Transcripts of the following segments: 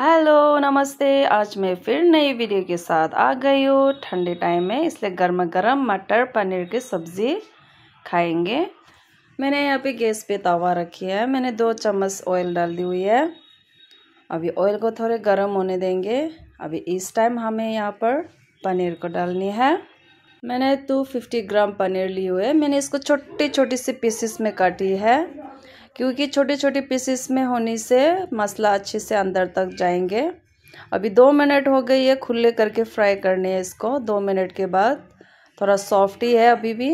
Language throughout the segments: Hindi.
हेलो नमस्ते आज मैं फिर नई वीडियो के साथ आ गई हूँ ठंडे टाइम में इसलिए गर्मा गर्म मटर पनीर की सब्ज़ी खाएंगे मैंने यहाँ पे गैस पे तवा रखी है मैंने दो चम्मच ऑयल डाल दी हुई है अभी ऑयल को थोड़े गर्म होने देंगे अभी इस टाइम हमें यहाँ पर पनीर को डालनी है मैंने टू फिफ्टी ग्राम पनीर ली हुई है मैंने इसको छोटी छोटी सी पीसेस में काटी है क्योंकि छोटे छोटे पीसेस में होने से मसाला अच्छे से अंदर तक जाएंगे अभी दो मिनट हो गई है खुले करके फ्राई करने है इसको दो मिनट के बाद थोड़ा सॉफ्ट ही है अभी भी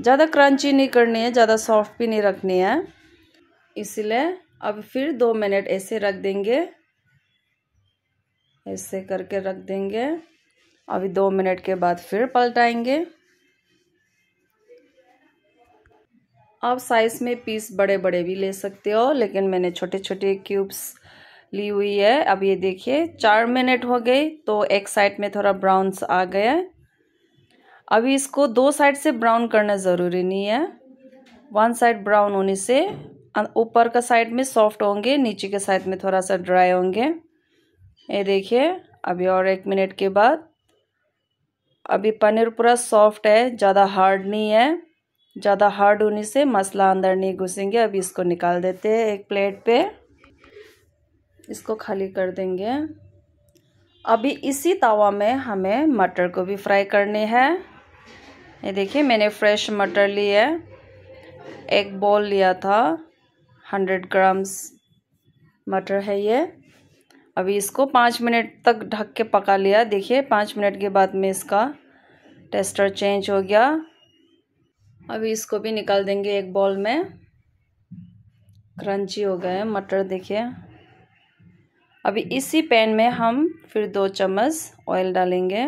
ज़्यादा क्रंची नहीं करनी है ज़्यादा सॉफ्ट भी नहीं रखनी है इसलिए अब फिर दो मिनट ऐसे रख देंगे ऐसे करके रख देंगे अभी दो मिनट के बाद फिर पलटाएंगे आप साइज़ में पीस बड़े बड़े भी ले सकते हो लेकिन मैंने छोटे छोटे क्यूब्स ली हुई है अब ये देखिए चार मिनट हो गए तो एक साइड में थोड़ा ब्राउन्स आ गया अभी इसको दो साइड से ब्राउन करना ज़रूरी नहीं है वन साइड ब्राउन होने से ऊपर का साइड में सॉफ्ट होंगे नीचे के साइड में थोड़ा सा ड्राई होंगे ये देखिए अभी और एक मिनट के बाद अभी पनीर पूरा सॉफ्ट है ज़्यादा हार्ड नहीं है ज़्यादा हार्ड होने से मसाला अंदर नहीं घुसेंगे अभी इसको निकाल देते हैं एक प्लेट पे इसको खाली कर देंगे अभी इसी तवा में हमें मटर को भी फ्राई करनी है ये देखिए मैंने फ्रेश मटर ली है एक बॉल लिया था हंड्रेड ग्राम्स मटर है ये अभी इसको पाँच मिनट तक ढक के पका लिया देखिए पाँच मिनट के बाद में इसका टेस्टर चेंज हो गया अभी इसको भी निकाल देंगे एक बॉल में क्रंची हो गए मटर देखिए अभी इसी पैन में हम फिर दो चम्मच ऑयल डालेंगे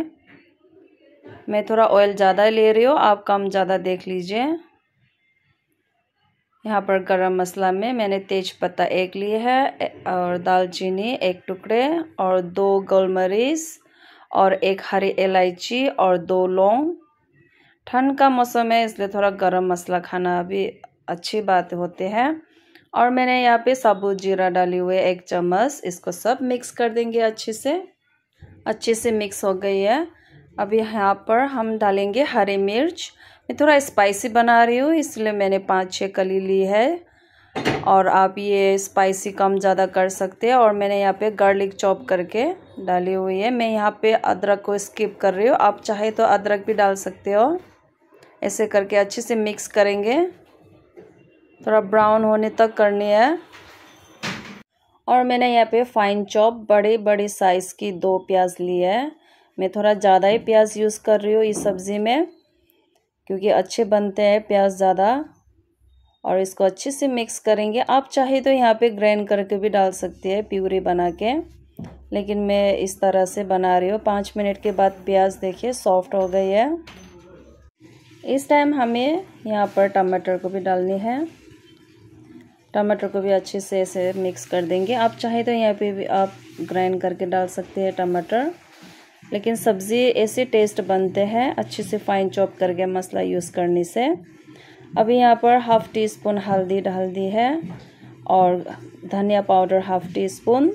मैं थोड़ा ऑयल ज़्यादा ले रही हूँ आप कम ज़्यादा देख लीजिए यहाँ पर गरम मसाला में मैंने तेज पत्ता एक लिए है और दालचीनी एक टुकड़े और दो गोलमरीच और एक हरी इलायची और दो लौंग ठंड का मौसम है इसलिए थोड़ा गरम मसाला खाना भी अच्छी बात होते हैं और मैंने यहाँ पे साबुत जीरा डाली हुए एक चम्मच इसको सब मिक्स कर देंगे अच्छे से अच्छे से मिक्स हो गई है अभी यहाँ पर हम डालेंगे हरी मिर्च मैं थोड़ा स्पाइसी बना रही हूँ इसलिए मैंने पाँच छः कली ली है और आप ये स्पाइसी कम ज़्यादा कर सकते हैं और मैंने यहाँ पे गार्लिक चॉप करके डाली हुई है मैं यहाँ पे अदरक को स्किप कर रही हूँ आप चाहे तो अदरक भी डाल सकते हो ऐसे करके अच्छे से मिक्स करेंगे थोड़ा ब्राउन होने तक करनी है और मैंने यहाँ पे फाइन चॉप बड़े बड़े साइज़ की दो प्याज ली है मैं थोड़ा ज़्यादा ही प्याज यूज़ कर रही हूँ इस सब्ज़ी में क्योंकि अच्छे बनते हैं प्याज ज़्यादा और इसको अच्छे से मिक्स करेंगे आप चाहे तो यहाँ पे ग्राइंड करके भी डाल सकते हैं प्यूरी बना के लेकिन मैं इस तरह से बना रही हूँ पाँच मिनट के बाद प्याज देखिए सॉफ्ट हो गई है इस टाइम हमें यहाँ पर टमाटर को भी डालनी है टमाटर को भी अच्छे से ऐसे मिक्स कर देंगे आप चाहे तो यहाँ पे भी आप ग्राइंड करके डाल सकते हैं टमाटर लेकिन सब्ज़ी ऐसे टेस्ट बनते हैं अच्छे से फाइन चॉप करके मसाला यूज़ करने से अभी यहाँ पर हाफ़ टी स्पून हल्दी डाल दी है और धनिया पाउडर हाफ़ टी स्पून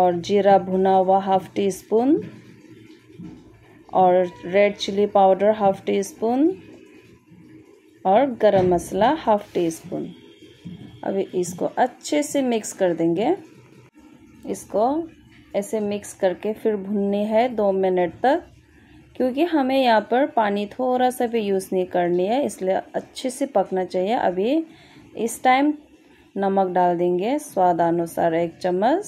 और जीरा भुना हुआ हाफ़ टी स्पून और red chilli powder half teaspoon और गरम मसाला हाफ टी स्पून अभी इसको अच्छे से मिक्स कर देंगे इसको ऐसे मिक्स करके फिर भुननी है दो मिनट तक क्योंकि हमें यहाँ पर पानी थोड़ा सा भी यूज़ नहीं करनी है इसलिए अच्छे से पकना चाहिए अभी इस टाइम नमक डाल देंगे स्वाद अनुसार एक चम्मच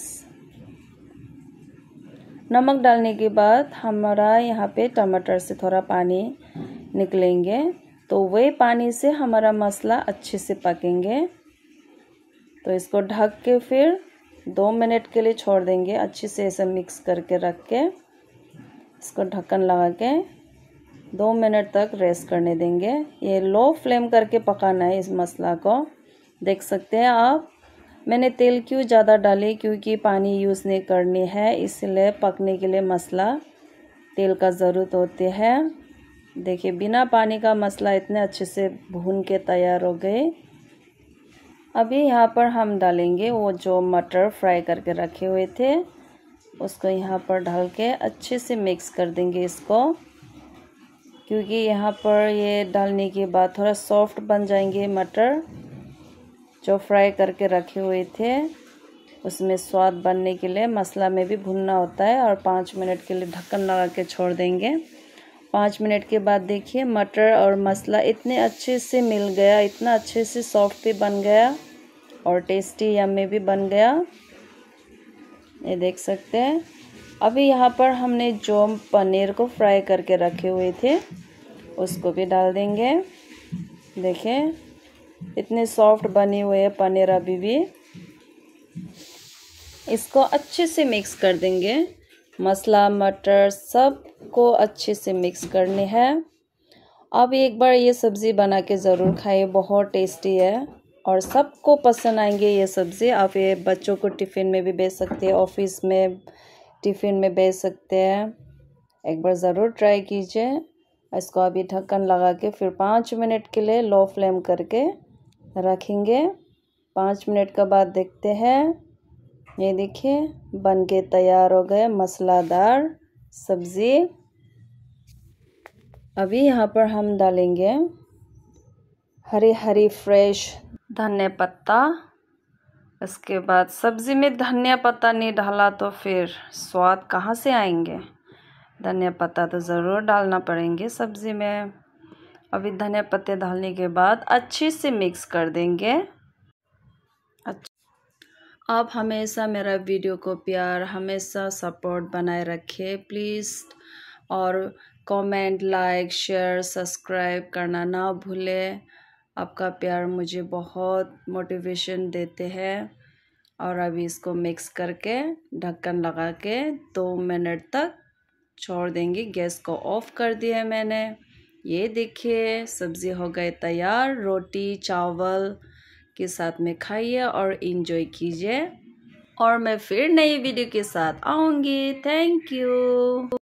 नमक डालने के बाद हमारा यहाँ पे टमाटर से थोड़ा पानी निकलेंगे तो वे पानी से हमारा मसाला अच्छे से पकेंगे तो इसको ढक के फिर दो मिनट के लिए छोड़ देंगे अच्छे से ऐसे मिक्स करके रख के इसको ढक्कन लगा के दो मिनट तक रेस्ट करने देंगे ये लो फ्लेम करके पकाना है इस मसाला को देख सकते हैं आप मैंने तेल क्यों ज़्यादा डाले क्योंकि पानी यूज़ नहीं करनी है इसलिए पकने के लिए मसला तेल का ज़रूरत होती है देखिए बिना पानी का मसला इतने अच्छे से भून के तैयार हो गए अभी यहाँ पर हम डालेंगे वो जो मटर फ्राई करके रखे हुए थे उसको यहाँ पर ढाल के अच्छे से मिक्स कर देंगे इसको क्योंकि यहाँ पर ये डालने के बाद थोड़ा सॉफ्ट बन जाएंगे मटर जो फ्राई करके रखे हुए थे उसमें स्वाद बनने के लिए मसाला में भी भुनना होता है और पाँच मिनट के लिए ढक्कन लगा के छोड़ देंगे पाँच मिनट के बाद देखिए मटर और मसाला इतने अच्छे से मिल गया इतना अच्छे से सॉफ्ट भी बन गया और टेस्टी यम्मी भी बन गया ये देख सकते हैं अभी यहाँ पर हमने जो पनीर को फ्राई करके रखे हुए थे उसको भी डाल देंगे देखें इतने सॉफ्ट बने हुए हैं पनीर अभी भी इसको अच्छे से मिक्स कर देंगे मसाला मटर सब को अच्छे से मिक्स करने हैं अब एक बार ये सब्ज़ी बना के ज़रूर खाइए बहुत टेस्टी है और सबको पसंद आएंगे ये सब्ज़ी आप ये बच्चों को टिफ़िन में भी बेच सकते हैं ऑफिस में टिफ़िन में बेच सकते हैं एक बार ज़रूर ट्राई कीजिए इसको अभी ढक्कन लगा के फिर पाँच मिनट के लिए लो फ्लेम करके रखेंगे पाँच मिनट के बाद देखते हैं ये देखिए बन के तैयार हो गए मसालेदार सब्ज़ी अभी यहाँ पर हम डालेंगे हरी हरी फ्रेश धनिया पत्ता इसके बाद सब्ज़ी में धनिया पत्ता नहीं डाला तो फिर स्वाद कहाँ से आएंगे धनिया पत्ता तो ज़रूर डालना पड़ेंगे सब्ज़ी में अभी धनिया पत्ते डालने के बाद अच्छे से मिक्स कर देंगे अच्छा आप हमेशा मेरा वीडियो को प्यार हमेशा सपोर्ट बनाए रखें प्लीज़ और कमेंट लाइक शेयर सब्सक्राइब करना ना भूलें आपका प्यार मुझे बहुत मोटिवेशन देते हैं और अभी इसको मिक्स करके ढक्कन लगा के दो मिनट तक छोड़ देंगे गैस को ऑफ कर दिया मैंने ये देखिए सब्जी हो गए तैयार रोटी चावल के साथ में खाइए और इन्जॉय कीजिए और मैं फिर नई वीडियो के साथ आऊँगी थैंक यू